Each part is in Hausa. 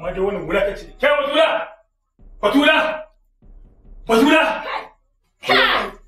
amma dai wannan ta kace kai fatula fatula fatula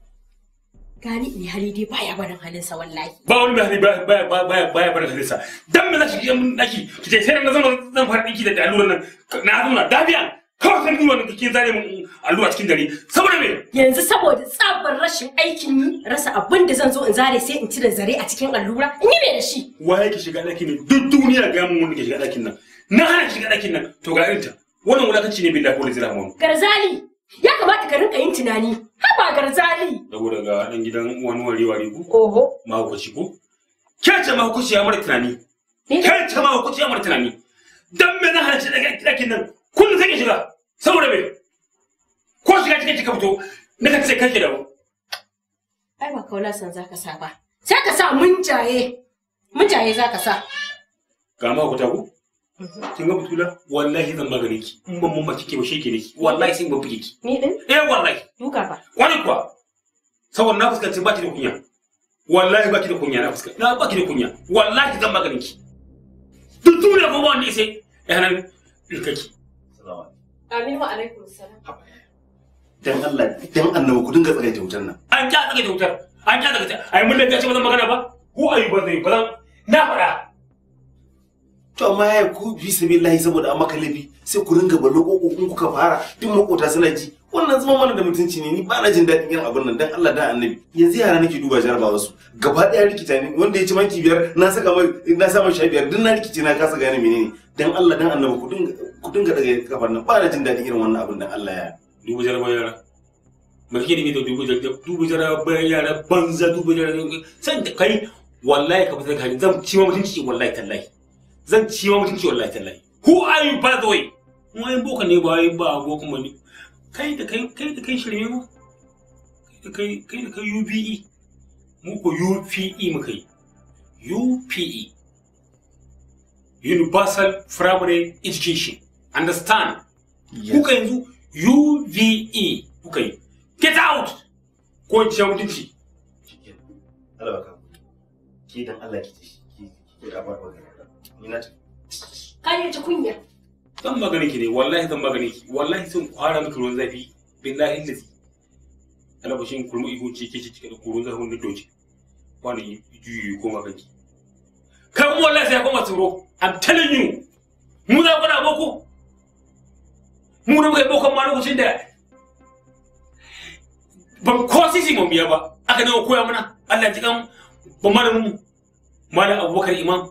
gani ne hali dai baya barin halinsa wallahi ba wani mai hali baya baya baya barin halinsa dan me zaki yi daki ki ce sai na zan zan fara dinki da alluran nan na zauna dabiya kawai sai mun da kike zare mun alluwa cikin dare saboda me yanzu saboda tsabar rashin aikin ni rasa abin da zan zo in zare sai in ci da zare a cikin allura ni yi me da shi waye ki shiga dakin ne duk duniya ga mun wanda ke shiga dakin nan na hana shiga ɗakin nan to ga irinta wannan wulakanci ne billahi ko zira mu garzali ya kamata ka rinka yin tunani haba garzali saboda ga dan gidan wani wari wari ku oho mahaukaci ku ke ce mahaukaci ya mara tunani ke ce mahaukaci ya mara tunani dan me na hana shiga ɗakin nan kullum sai shiga saboda me ko shiga cikin kika fito na ka ce kake da mu ai ba kaula san zaka sa ba sai ka sa mun jaye za zaka sa ga mahaukaci ko kin ga butula wallahi zan magare ki in ban mun baki ke ba sheke niki wallahi sai ban buge ki ni din eh wallahi duka fa wani kuwa saboda na fuskanci baki da kunya wallahi baki da kunya na fuskanci na baki da kunya wallahi zan magare ki duk duniya ko ba wanda sai eh nan ilkaki salamu amin wa alaikum salam dan Allah dan annabi ku dinga tsare da wutar nan an ja tsare da wutar an ja tsare ai mun da kace ba zan magana ba ko ayi ba zai ba na fara to amma ya ku bi sabillahi saboda an maka sai ku ringa ballo kokokun kuka fara duk makota suna ji wannan zama mana da mutunci ne ni ba na jin daɗin irin abin nan dan Allah da annabi yanzu yara nake duba jarabawa su gaba ɗaya rikita ne wanda ya ci manki biyar na saka mai na sa mai biyar duk na rikice na kasa gane menene dan Allah dan annabi ku dinga ku dinga daga kafar nan ba na jin daɗin irin wannan abin dan Allah ya duba jarabawa yara barke da mai duba jarabawa duba yara banza duba jarabawa san kai wallahi ka fitar ka zan ci ma mutunci wallahi tallahi zan ci ma mutunci wallahi tallahi who are you by the way mu ayin boka ne ba ba go kuma ni kai da kai kai da kai shirme mu kai da kai kai da kai UBE mu ko UPE mu kai UPE Universal Primary Education understand kai yanzu UVE ku kai get out ko ci mutunci Allah ka ki dan Allah ki ci ki ki ni na ka ne ta kunya zan magana ki ne wallahi zan magana ki wallahi sun kwara miki ruwan zafi billahi lazi alabashin kurmu ihu ce ke da kurun zafin da doji wani juyi wallahi sai ya tsoro i'm telling you mu za ku na boko mu ma lokacin da ban ko sisi mu biya ba aka nawa koya mana Allah ji kan ba malamin mu malam Abubakar Imam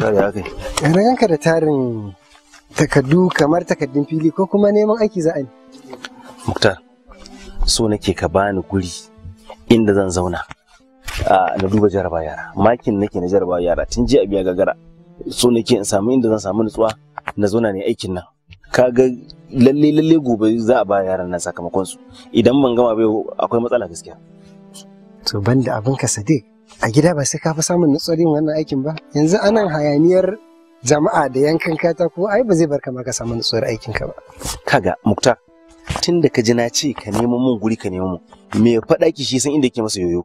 da haka yi na ka da tarin takardu kamar takardun fili ko kuma neman aiki za a yi muktar so nake ka bani guri inda zan zauna na duba jaraba yara makin nake na jaraba yara tun jiya biya gagara so nake in samu inda zan samu nutsuwa na zauna ne aikin nan Ka ga lalle lalle gobe za a ba yaran nan sakamakon su idan ban gama bai akwai matsala gaskiya to banda abin ka a gida ba sai ka fi samun nutsuwar wannan aikin ba yanzu anan hayaniyar jama'a da yankan katako ai ba zai bar ka ma ka samu nutsuwar aikin ka ba kaga muktar tun da ka ji na ce ka nemo mun guri ka nemo mun me faɗa ki shi san inda yake masa yoyo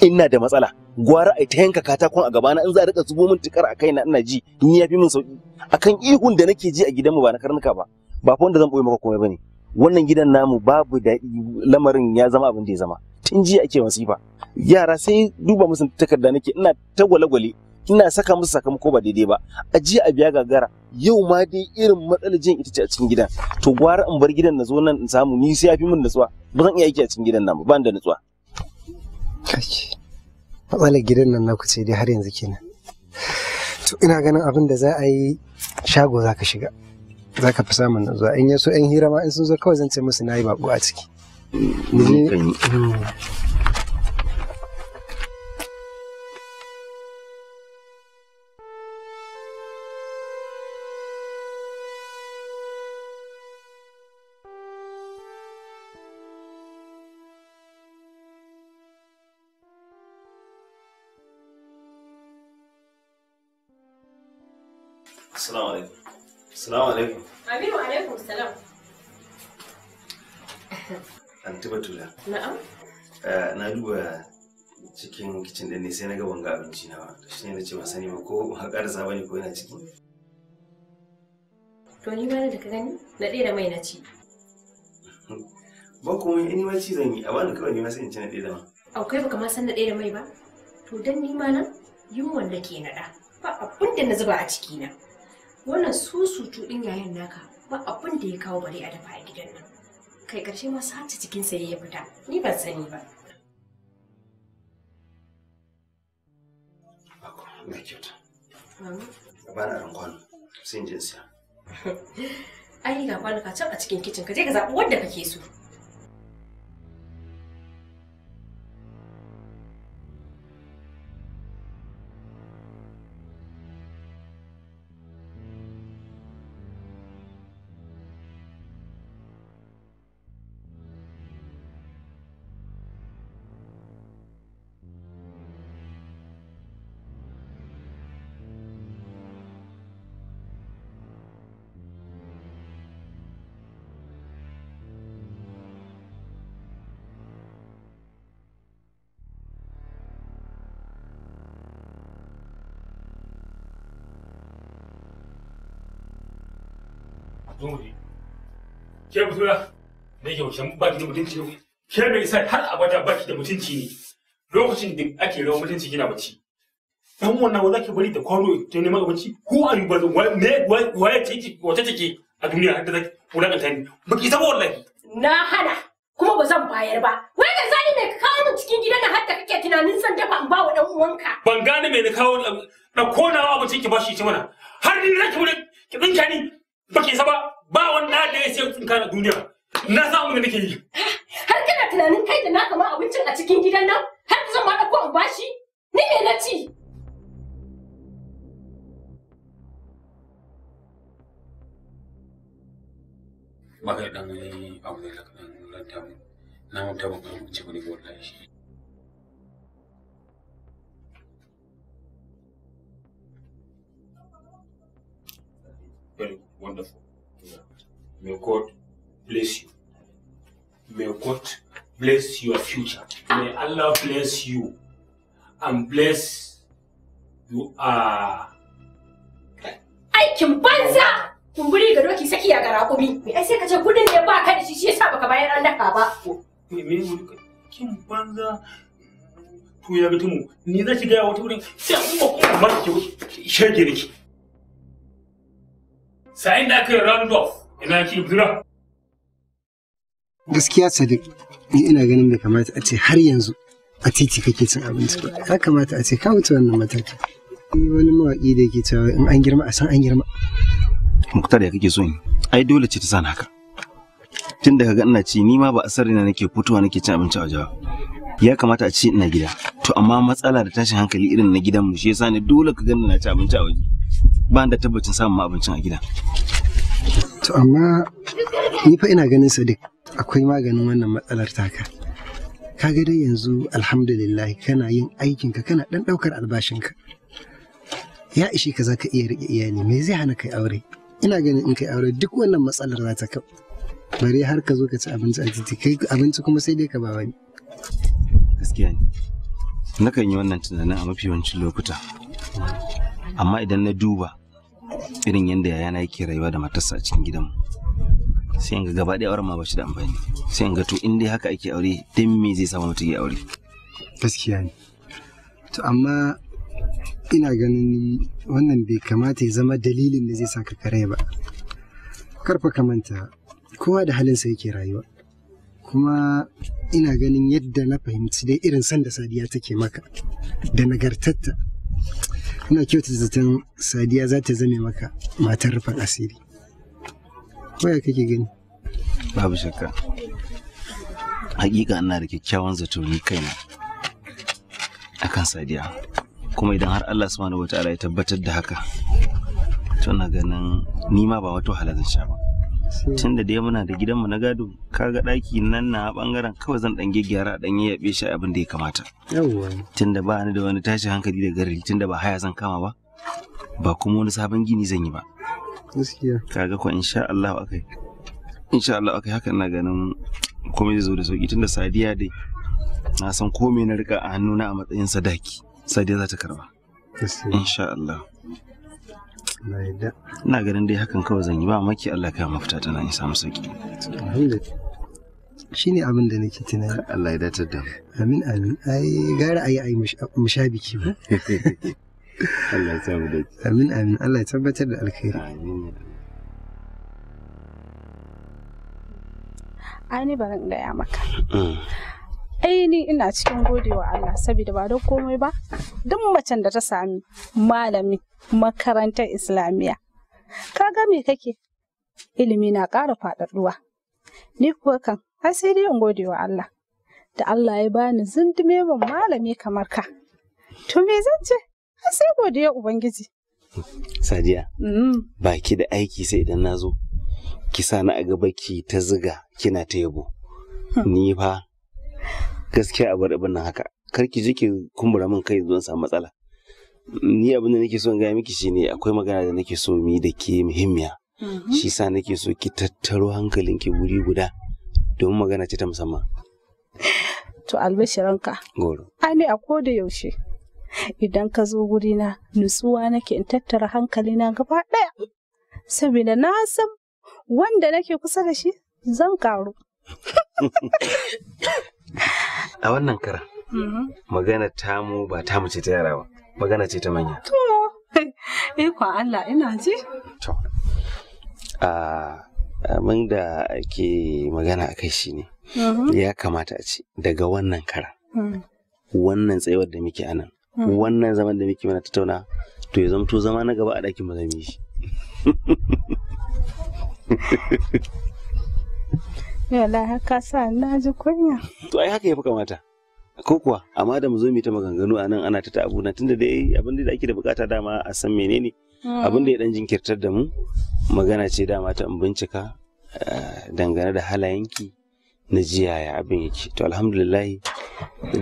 ina da matsala gwara ai ta yanka katakon a gaba na. in za a rika zubo min tikar a kaina ina ji In ya fi min sauki akan ihun da nake ji a gidanmu ba na karnuka ba ba fa wanda zan boye maka komai bane wannan gidan namu babu daɗi lamarin ya zama abin da ya zama tun jiya ake masifa yara sai duba musu takarda nake ina ta gwale-gwale ina saka musu sakamako ba daidai ba a jiya a biya gagara yau ma dai irin matsalar jin ita ce a cikin gidan to gwara in bar gidan na zo nan in samu ni sai yafi min nutsuwa ba zan iya aiki a cikin gidan nan ba da nutsuwa matsalar gidan nan na ce dai har yanzu kenan to ina ganin abin da za a yi shago za ka shiga za ka fi samun nutsuwa in yaso yan hira ma in sun zo kawai zan ce musu na yi bako a ciki внутренний. السلام عليكم السلام عليكم ita batula na'am eh, na duba cikin kicin ɗin ne sai na ga wanga abinci na ba shi ne na ce ba sani ba ko ba karasa ba ne ko yana ciki to ni ba da ka gani na ɗera mai na ci ba komai in ma ci zan yi a bani kawai ni ma sai in ci na ɗera ma au kai baka ma san na ɗera mai ba to dan ni ma nan yunwan da ke naɗa ba abin da na zuba a ciki na wannan susu cuɗin yayan naka ba abin da ya kawo bari a dafa a gidan nan kai ƙarshe ma sace cikin sa ya fita ni ban sani ba na kyauta ba na ai ga can a cikin kicin ka je ka zaɓi wanda kake so zo mu je ke mutura da yake wace baki da mutunci ne ke mai isa har abada baki da mutunci ne lokacin da ake rawa mutunci kina bacci dan wannan wanda ke bari da kwano ta neman abinci ko a yi bazan me waye take wace take a duniya har da zaki wulakanta ni baki sabo wallahi na hana kuma ba zan bayar ba wai ka zani mai kawo mu cikin gidan nan har da kake tunanin san dafa in ba wa dan uwanka ban gane me na kawo da konawa abinci ki bashi ki mana har ni zaki wuri ki dinka ni baki saba ba wani da ya ce tsinka na duniya na samu ne nake yi har kana tunanin kai da na kama abincin a cikin gidan nan har zan ma dauko bashi ni me na ci Maka dan abu da kan mu na mutu ba kuma ci bane wallahi shi Very wonderful. May God bless you. May God bless your future. May Allah bless you and bless you are. Aikin banza! Kumburi ga doki saki a gara kumi. Me ai sai ka ce kudin ne ba ka da shi shi yasa baka bayar an daka ba. Me me kin banza to ya ga mu, ni za ki ga wata wurin sai kuma kuma ba ki shege ne. Sa'in da aka yi round off gaskiya sadiq ni ina ganin bai kamata a ce har yanzu a titi kake cin abinci ba ya kamata a ce ka wuce wannan mataki wani mawaƙi da yake cewa in an girma a san an girma muktar ya kake so ni ai dole ce ta sani haka tun da kaga ina ci ni ma ba sarri na nake fitowa nake cin abinci a waje ba ya kamata a ce ina gida to amma matsala da tashin hankali irin na gidan mu shi yasa ni dole ka ganna na ci abinci a waje ba da tabbacin samun abincin a gida To amma ni fa ina ganin Sadiq akwai maganin wannan matsalar taka. kaga ga dai yanzu alhamdulillah kana yin aikinka kana ɗan ɗaukar albashinka. Ya ishe ka za ka iya riƙe iyali me zai hana kai aure? Ina ganin in kai aure duk wannan matsalar za ta kau. Bari har ka zo ka ci abinci a titi kai abinci kuma sai dai ka ba wani. Gaskiya ne. Nakan yi wannan tunanin a mafi yawancin lokuta. Amma idan na duba irin yadda yayana yake rayuwa da matarsa a cikin gidanmu sai in ga gaba ɗaya auren ma ba shi da amfani sai in ga to in dai haka ake aure dan me zai samu mutum ya aure gaskiya ne to amma ina ganin wannan bai kamata ya zama dalilin da zai sa ka kare ba karfa manta kowa da halinsa yake rayuwa kuma ina ganin yadda na fahimci dai irin sanda sadiya take maka da nagartatta ina kyauta zaton sadiya za ta zame maka matar rufin asiri waya kake gani babu shakka hakika ina da kyakkyawan zato ni kaina akan sadiya kuma idan har Allah subhanahu wataala ya tabbatar da haka to ganin ni ma ba wahala zan sha ba tun da dai muna da gidanmu na gado kaga ɗaki nan na bangaren kawai zan ɗan gyara ɗan yaɓe shi abin da ya kamata tun da ba ni da wani tashin hankali da gari tun da ba haya zan kama ba ba kuma wani sabon gini zan yi ba kaga ko insha Allah akai insha Allah akai haka ina ganin komai zai zo da sauki tun da sadiya dai na san komai na rika a hannuna a matsayin sadaki sadiya za ta karba insha Allah ina ganin dai hakan kawai zan yi ba maki Allah ka mafita tana in samu sauki shi ne abin da nake tunani Allah ya datar da mu amin amin ai gara ayi ai mu sha biki ba Allah ya samu da amin amin Allah ya tabbatar da alkhairi amin ai ne ba zan gaya maka mm. ai ni ina cikin godewa Allah saboda ba don komai ba duk macen da ta sami malami makarantar islamiyya ka ga me kake ilimi na ƙara faɗaɗuwa ni kuwa kan har sai dai in godewa Allah da Allah ya bani zindume ban malami kamar ka to me zan ce har sai godiya ubangiji sadiya mm. baki da aiki sai idan na zo ki sa na a gaba ki ta ziga kina ta yabo hmm. ni fa gaskiya a bar abin haka kar ki je ki kumbura min kai zuwa samu matsala ni abin da nake so in gaya miki shine akwai magana da nake so mi da ke muhimmiya mm-hmm. shi sa nake so ki tattaro hankalinki guri guda domin magana ce ta musamman to albashiranka goro ani a koda yaushe idan ka zo gurina nutsuwa nake in tattara hankalina gaba ɗaya saboda na san wanda nake kusa da shi zan karu A wannan karan, mm-hmm. magana tamu ba tamu ce ta yara ba, magana ce ta manya. To, kwa Allah ina ji. To, mun da ke magana a kai shi ne, mm-hmm. ya kamata a ce daga wannan karan, mm. wannan tsayuwar da muke anan, mm. wannan zaman da muke mana tattauna, to ya zamto zama na gaba a ɗakin mu zami shi. Yala haka sa na ji kunya. To ai haka ya fi kamata. Ko kuwa amma da mu zo mu ta maganganu anan ana ta ta abuna tunda dai abin da ake da bukata dama a san menene hmm. abin da ya dan jinkirtar da mu magana ce dama ta in bincika eh, dangane da halayenki na jiya ya abin yake. To alhamdulillah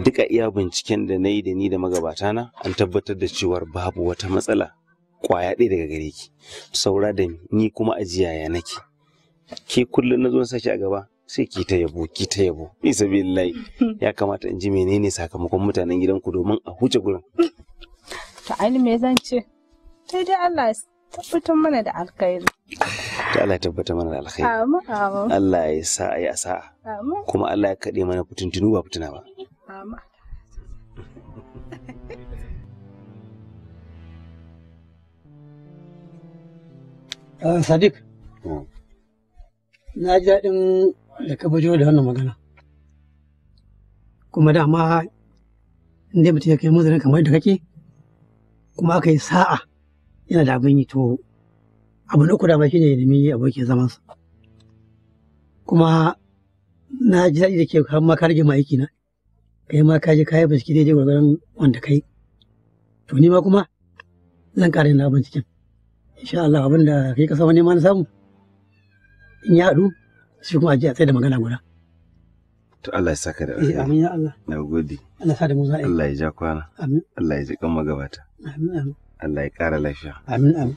duka iya binciken da na yi da ni da magabata na an tabbatar da cewar babu wata matsala kwaya ɗaya daga gare ki saura da ni kuma a ya nake ke kullum na zo sashi a gaba sai ki ta yabo ki ta yabo bi ya kamata in ji menene sakamakon mutanen gidanku domin a huce gurin to ai me zan ce sai dai Allah tabbatar mana da alkhairi to Allah ya tabbatar mana da alkhairi amin amin Allah ya sa ayi asa amin kuma Allah ya kade mana fitintunu ba fitina ba amin ah, Sadiq, hmm. na ji daɗin da ka bujo da wannan magana kuma dama inda mutum ya kai mazanin kamar da kake kuma aka yi sa'a yana da abin yi to abu na kuda shi ne ya nemi abokin zamansa kuma na ji daɗi da ke har ma ka rage ma aiki na kai ma ka je ka yi biski daidai gwargwaron wanda kai to ni ma kuma zan ƙara yin abin cikin insha Allah abin da kai ka sama nema na samu in ya haɗu shi kuma ajiya tsaye da magana guda to Allah ya saka da eh, alheri amin ya Allah na gode Allah sa da mu za'a yi. Allah ya ja kwana amin Allah ya ji kan magabata amin amin Allah ya ƙara lafiya amin amin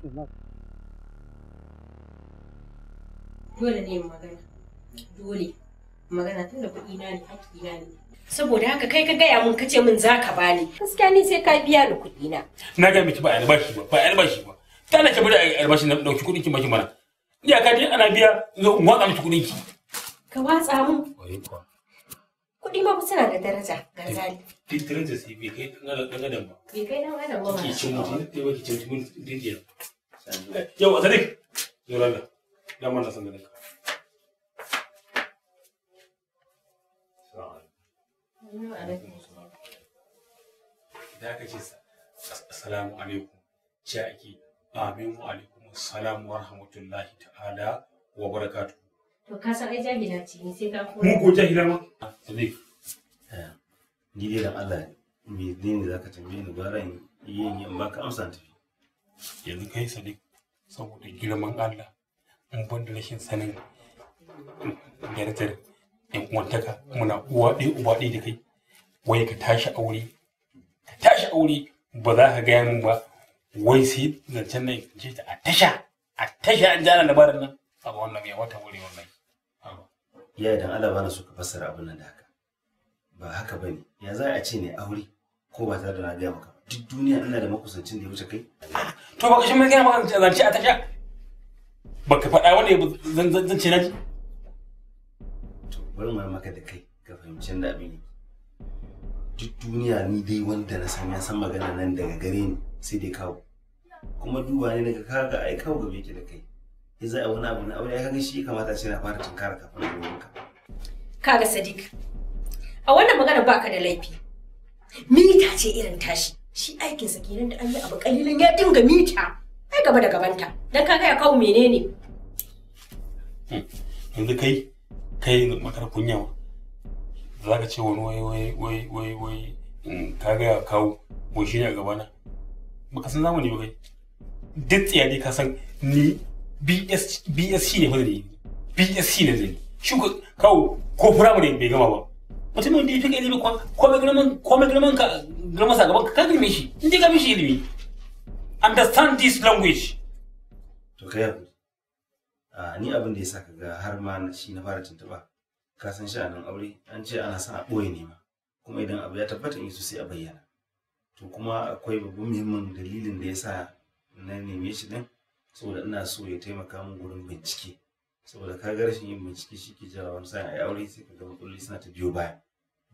dole ne magana dole magana tun da kuɗi na ne haƙƙi na ne saboda haka kai ka gaya mun kace min za ka bani gaskiya ni sai ka biya ni kuɗi na na ga miki ba albashi ba ba albashi ba tana ke bari albashi na ɗauki kuɗin ki maki mana iyaka dai ana biya zo in watsa miki kuɗin ki ka watsa mu kuɗi ma suna da daraja ga zali duk daraja sai bai kai dan adam ba bai kai dan adam ba ki cin mutum dai ba ki cin mutum dindiya eh, yau a sadiq zo raga dan mana san da Da ce, Assalamu alaikum, ce ake, Amin wa alaikum. Assalamu wa rahmatullahi ta'ala wa barakatu. To ka san ai jahila ce ni sai ka koya. Mun ko jahila ma? Sadiq. Eh, ni dai da Allah me ni zaka tambaye ni bara ni amma ka amsa tafi. Yanzu kai Sadiq saboda girman Allah in ban da rashin sanin darajar in wantaka muna uwa ɗaya uba ɗaya da kai waye ka tashi aure ka tashi aure ba za ka gaya min ba wai sai zancen nan ce ta a tasha a tasha an jana da barin nan a wannan ya wata wuri wannan ya idan Allah bana suka fassara abin nan da haka ba haka ba ne ya za a ce ne aure ko ba tare da na gaya maka duk duniya ina da makusancin da ya wuce kai to ba shi mai gaya maka zance a tasha baka faɗa wani zance na ji to bari mu maka da kai ka fahimci da abin duk duniya ni dai wanda na san ya san magana nan daga gare ni sai dai kawo kuma duba ne daga kaga ai kawo game yake da kai ya za a wani abu na aure kaga shi kamata shi na fara tunkara kafin a ka kaga sadiq a wannan magana baka da laifi mita ce irin tashi shi aikin sa kenan da an yi abu kalilan ya dinga mita ai gaba da gabanta dan kaga ya kawo menene hmm. yanzu kai kai makar kunya za ka ce wani wai wai wai wai ka ga ya kawo wai shi ne a gabana baka san zamani ba kai duk tsiyari ka san ni bsc ne wanda ne bsc ne zai shi kawo ko firamare bai gama ba mutum wanda ya fi ilimi komai girman komai girman ka girman sa gaban ka girme shi inda ka mishi ilimi understand this language to kai ni abin da ya saka ka ga har ma shi na fara tuntuba ka san sha'anin aure an ce ana son a ɓoye ne ma kuma idan abu ya tabbata in yi sai a bayyana to kuma akwai babban muhimmin dalilin da ya sa na neme shi din saboda ina so ya taimaka min gurin bincike saboda ka ga rashin yin bincike shi ke jawo wani sa'in a aure sai ka ga matsaloli suna ta biyo baya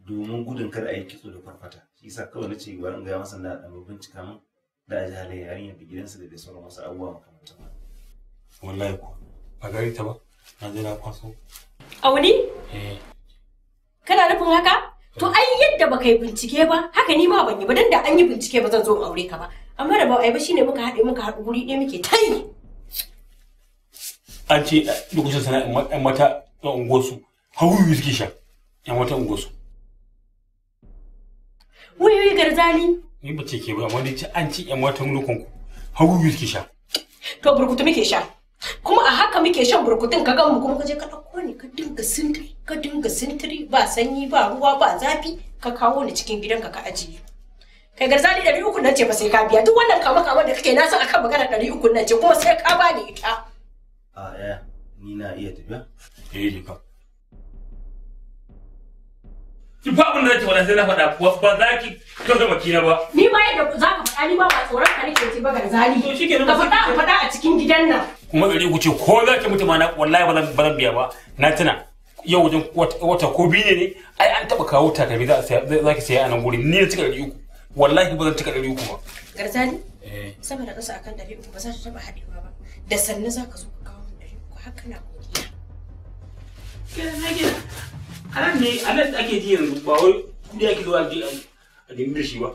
domin gudun kada a yi kitso da farfata shi yasa kawai na ce bari in gaya masa na ɗan bincika min da a ji halayen yarinya da gidansa da dai sauran wasu abubuwa ba. wallahi ko ba gari ta ba na je na kwaso auni eh. kana nufin haka To ai yadda baka yi bincike ba, haka ni ma ban yi ba dan da an yi bincike ba zan zo aure ka ba. Amma da ba ai ba shine muka haɗe muka haɗu guri ɗaya muke tai. yi. An ce eh, lokacin sana'a ɗan mata na unguwarsu, hawuyu suke sha ƴan mata unguwarsu. wai garzali. Ni ba ce ke ba, amma ni ce an ci 'yan matan lokon ku, hawuyu suke sha. To burkutu muke sha. a haka muke shan burkutun ka gan mu kuma ka ka ɗauko ni ka dinga sintiri ka dinga sintiri ba sanyi ba ruwa ba zafi ka kawo ni cikin gidanka ka ajiye. Kai garzali ɗari uku nan ce ba sai ka biya duk wannan kama kama da kake na san akan magana ɗari uku nan ce kuma sai ka bani ita. Ah, a ni na iya tafiya. Eh, ki fa abin da nake faɗa sai na faɗa ba ba za ki kan zama kina ba ni ma yadda za ka faɗa ni ba ba tsoron ka nake ce ba garzali to shikenan ka faɗa a faɗa a cikin gidan nan kuma gari ku ce ko za ki mutu ma na wallahi ba zan ba zan biya ba na tuna yau wajen wata ko biyu ne ai an taba kawo takalmi za ki saya a nan gurin ni na cika ɗari uku wallahi ba zan cika dari uku ba garzali eh. sama da ƙasa akan ɗari uku ba za ta taɓa haɗewa ba da sannu za ka zo ka kawo ɗari uku haka na godiya a nan ne a nan ake ji yanzu ba wai kuɗi ake zuwa a shi ba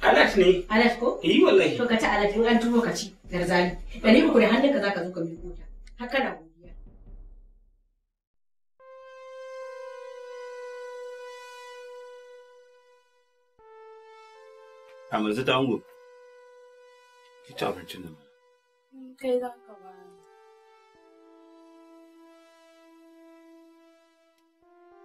alat ne alat ko eh wallahi to ka ci alat in an turo ka ci garzali da ne ku da ka zaka zo ka miƙo ta haka na godiya a ango ki ta nan kai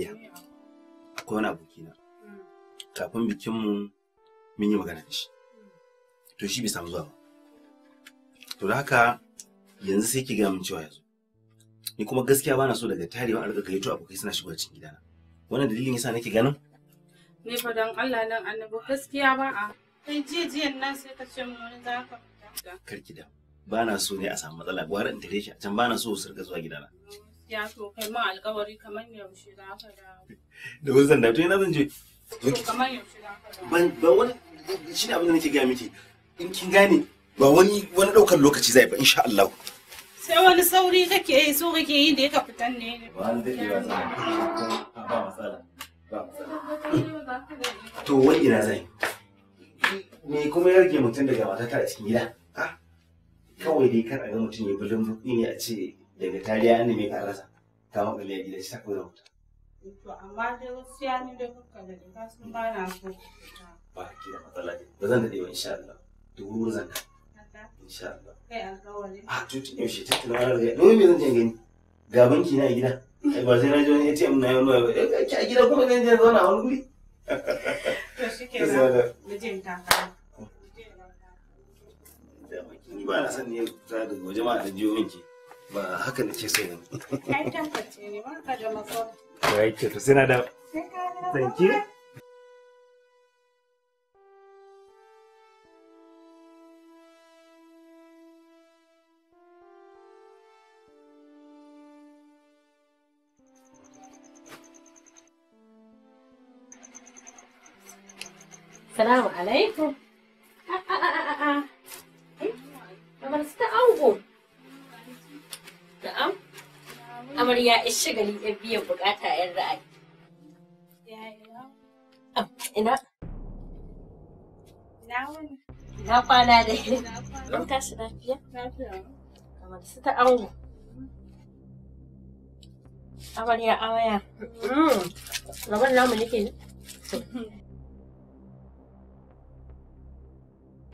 iya akwai wani abokina kafin bikinmu mun yi magana da shi to shi bai samu zuwa ba to da haka yanzu sai ki gaya min cewa yanzu. ni kuma gaskiya bana so daga tarewa a rika gaito abokai suna shigowa cikin gidana wannan dalilin yasa nake ganin ne fa dan Allah dan annabi gaskiya ba a kai jijiyan nan sai ka ce mun wani zaka fita karki da bana so ne a samu matsala gwara in tare shi a can bana so su rika zuwa gidana Ya to kai ma alkawari kamar yaushe za ka dawo. Da wuzan da to zan je. Ban wani shi abin da nake gaya miki in kin gane ba wani wani daukar lokaci zai ba insha Allah. Sai wani sauri kake yi so kake yi da ya fitan ne. Ba matsala. To ina zai? Me kuma ya rage mutum daga matata a cikin gida? Ah. Kawai dai kar a ga mutum ya bulin ne a ce daga tariya an nemi ka rasa ta makale a gida sai da wuta to amma dai ya ni da kuka da ka sun ba na so ba ki da matsala ne ba zan dade ba insha Allah da mun zan ka insha Allah kai a ah, tutu yaushe tattalin zan je gani ga banki na a gida ba sai na wani ATM na yau ba eh, ki a gida kuma zan je zauna a wani guri to mijin ta ni ba na san ne za da jama'a da jiyo minki ba haka nake so ne kai tabbace ne ba ka da matsala da Salamu alaikum. Ya ishi shagali ya biyan bukata yan ra'ayi. Ina? Na kwana da yi. Ina tashi lafiya? Lafiya. Kamar su ta ango. Amarya mm. namu nake ne?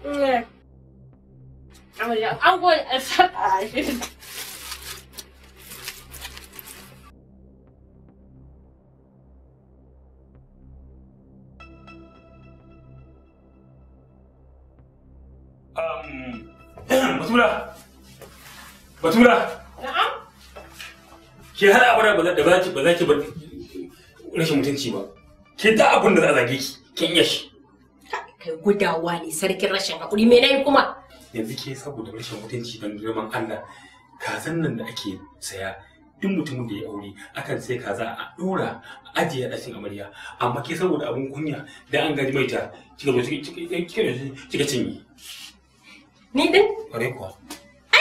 Amarya ango a Batura. Na'am. Ke har abada ba da ba ki ba za ki bar rashin mutunci ba. Ke da abin da za a zage ki kin iya shi. Kai gudawa ne sarkin rashin hakuri me nayi kuma? Yanzu ke saboda rashin mutunci dan girman Allah kazan nan da ake saya duk mutumin da ya aure akan sai kaza a dora a ajiye ɗakin amarya amma ke saboda abun kunya da an gaji maita kika zo kika cinye ni din kware kuwa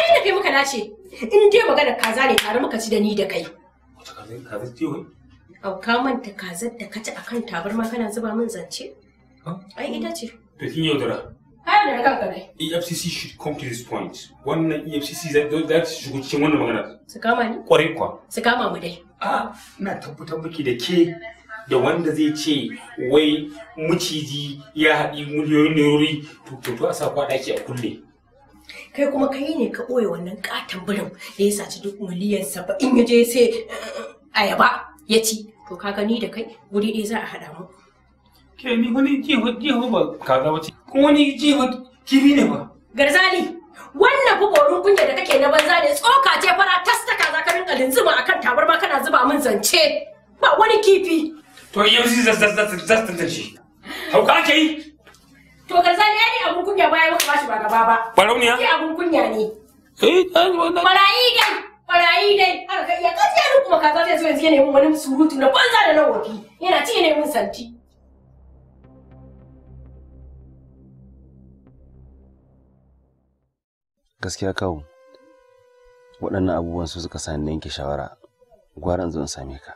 ai da kai muka dace in dai magana kaza ne tare muka ci da ni da kai wata kaza kaza ce wai au ka manta kazar da ka ci akan tabarma kana zuba min zance ai ita ce to kin yaudara har da kanka kai. EFCC should come to this point wannan EFCC that shi ku cikin wannan magana su kama ni kware kwa su kama mu dai a ina tabbatar miki da ke da wanda zai ce wai maciji ya haɗi miliyoyin nerori to to a sa kwaɗaki a kulle kai kuma kai ne ka ɓoye wannan katon birin da ya saci duk miliyan saba'in ya je sai uh, ayaba ya ci to ka gani da kai guri ɗaya za a haɗa mu. ke ni wani jiho ba kaza ba ce kuma wani kibi ne ba. garzali wannan fa borin kunya da kake na banza ne tsoka ce fara tas za kaza ka rinka linzuma akan tabarma kana zuba min zance ba wani kifi. to zasta zasta zasta ba gaba ba. Barauniya? Ki abun kunya ne. Eh, ai wannan. Barayi dai, barayi dai. Har ka iya kaje ni kuma kaza zai zo yanzu yana yin wani surutu na banza da na wofi. Yana ci ne mun santi. Gaskiya kawo. Waɗannan abubuwan su suka sa yanke shawara. Gwaran zan same ka.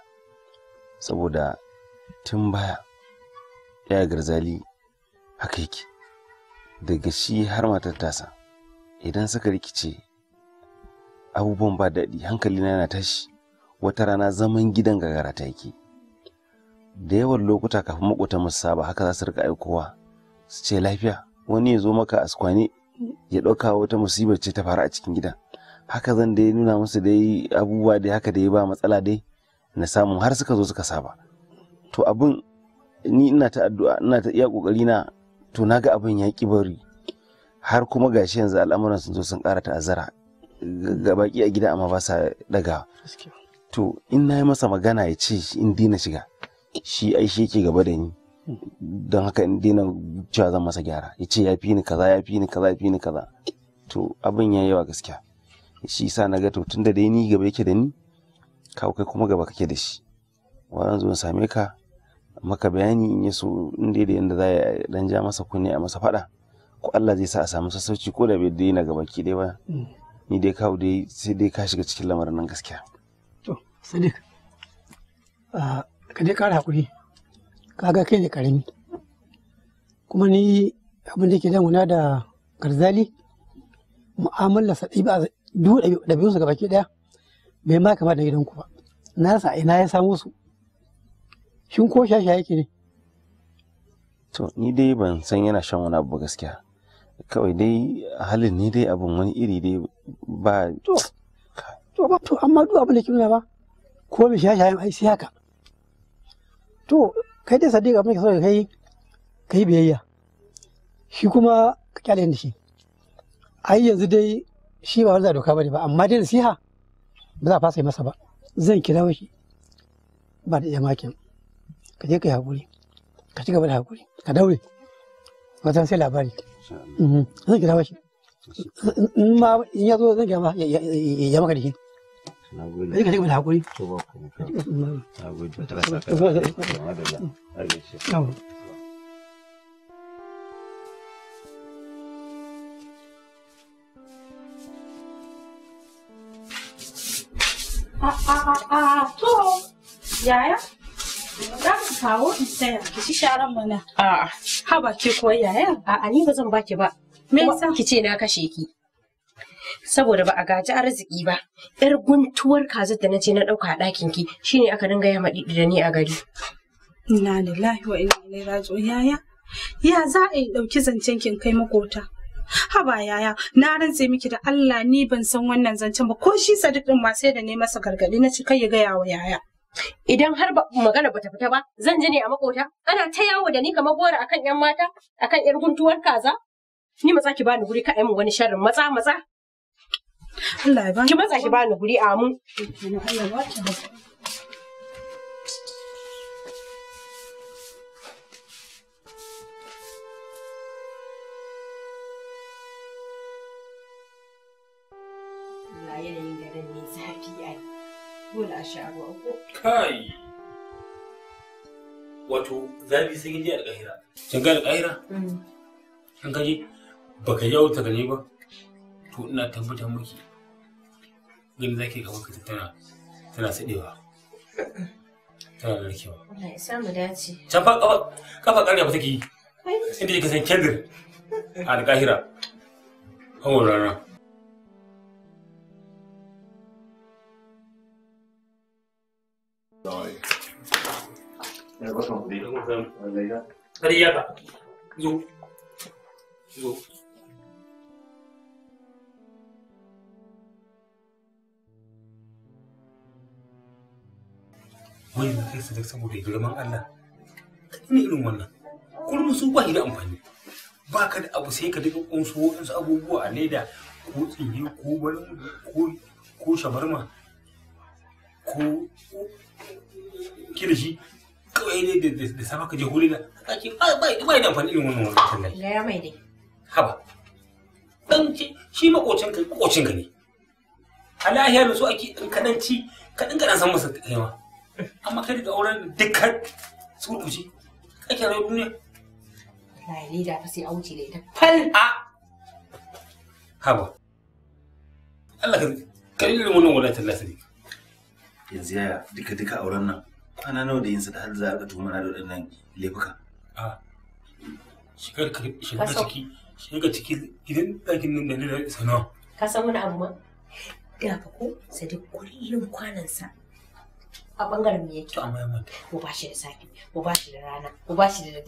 Saboda tun baya ya garzali haka yake. daga shi har matattasa, idan suka rikice abubuwan ba daɗi hankali na, yana tashi wata rana zaman gidan gagara ta yake da yawan lokuta kafin makwata musu saba haka za su rika aikowa su ce lafiya wani ya zo maka a skwane ya ɗauka wata musibar ce ta faru a cikin gidan haka zan dai nuna musu dai abubuwa dai haka dai ba matsala dai na samu har suka zo suka saba to abin ni ina ta addu'a ina ta iya kokari na to na ga abin ya bari har kuma gashi yanzu al'amuran sun zo sun ƙara ta'azzara ga baki a gida amma ba sa daga to in na yi masa magana ya ce in dina shiga shi ai shi yake gaba da ni don haka in dina cewa zan masa gyara ya ce ya fi ni kaza ya fi ni kaza ya fi ni kaza to abin ya yi yawa gaskiya shi sa na ga to tun da dai ni gaba yake da ni kawo kai kuma gaba kake da shi wa zo same ka maka bayani in yaso in dai da yanda za a dan ja masa kunne a masa faɗa ko Allah zai sa a samu sassauci ko da bai daina ga baki dai ba mm. ni dai kawo dai sai dai ka shiga cikin lamarin nan gaskiya to sadiq ka dai kara hakuri kaga kai ne karami kuma ni abin da ke damuna da garzali su gaba ki daya bai ma kama da gidanku ba na sa ina ya samu su shin ko shasha yake ne to ni dai ban san yana shan wani abu gaskiya kawai dai halin ni dai abin wani iri dai ba to to ba to amma duk abin da nuna ba ko bi shashayen ai sai haka to kai dai sadiqa mai so kai kai biyayya shi kuma ka kyale da shi ai yanzu dai shi ba wanda doka bane ba amma dai nasiha ba za a fasa masa ba zan kira shi ba da jama'a ka je ka yi haƙuri ka ci gaba da haƙuri ka daure wata sai labari mhm. zan kira mashi in ma in ya zo zan ya maka ka ci gaba da haƙuri Za ka kawo in saya ki ci sharan mana. A'a. ke kuwa yaya? A'a ni ba zan baki ba. Me yasa? Ki na kashe ki. Saboda ba a gaji arziki ba, ‘yar guntuwar kazar da na ce na ɗauka a ɗakin ki shine aka dinga ya maɗiɗi da ni a gari. Ina lillahi wa ina ilaihi yaya. Ya za a yi ɗauki zancen kin kai makota? Haba yaya, na rantse miki da Allah ni ban san wannan zancen ba ko shi sadik ɗin ma sai da ne masa gargaɗi na ci kai ya gaya wa yaya. Idan har magana bata fita ba, zan ji ne a makota. Ana ta yawo da ni kamar gora akan ƴan mata, akan ƴar guntuwar kaza. Ni matsa ki bani guri ka mu wani sharrin matsa matsa. Allah ya bani. Ki matsa ki bani guri a mun. Allah dole a sha ruwa ko kai wato zabi sai je alƙahira kin ga alƙahira kin mm. ga baka yau ta gani ba to ina tabbatar miki gani zaki ga maka tana tana sadewa tana narkewa Allah ya samu dace can fa kafa kafa ƙarya ba take yi inda yake san kendir a alƙahira kan rana zan Zo. Zo. Wai na kai sadaka saboda girman Allah. Ni irin wannan. Kullum su ba da amfani. Ba ka da abu sai ka duka kunsu waɗansu abubuwa a leda ko tsire ko barin ko ko shabarma ko kirji. kawai ne da sama ka je huli na kaki bai da amfani irin wannan wannan tallafi gaya mai dai haba dan ce shi makocin ka makocin ka ne a lahiyar su ake in ka dan ci ka dinga dan san masa kaiwa amma kai daga auren dukkan surukuci kake rayuwar duniya wallahi ni da fa sai auci da ita fal a haba Allah ka kalli irin wani wannan tallafi yanzu yaya duka duka auren nan kwana nawa da yinsa da har za a ga na da waɗannan laifuka. Shigar ciki, shigar ciki gidan ɗakin nan da nuna sanawa. Ka san wani abu ma? Da ka ko sadi kullum kwanansa a ɓangaren me yake. To amma ya manta. Mu ba shi da safe, mu ba shi da rana, mu ba shi da daddare.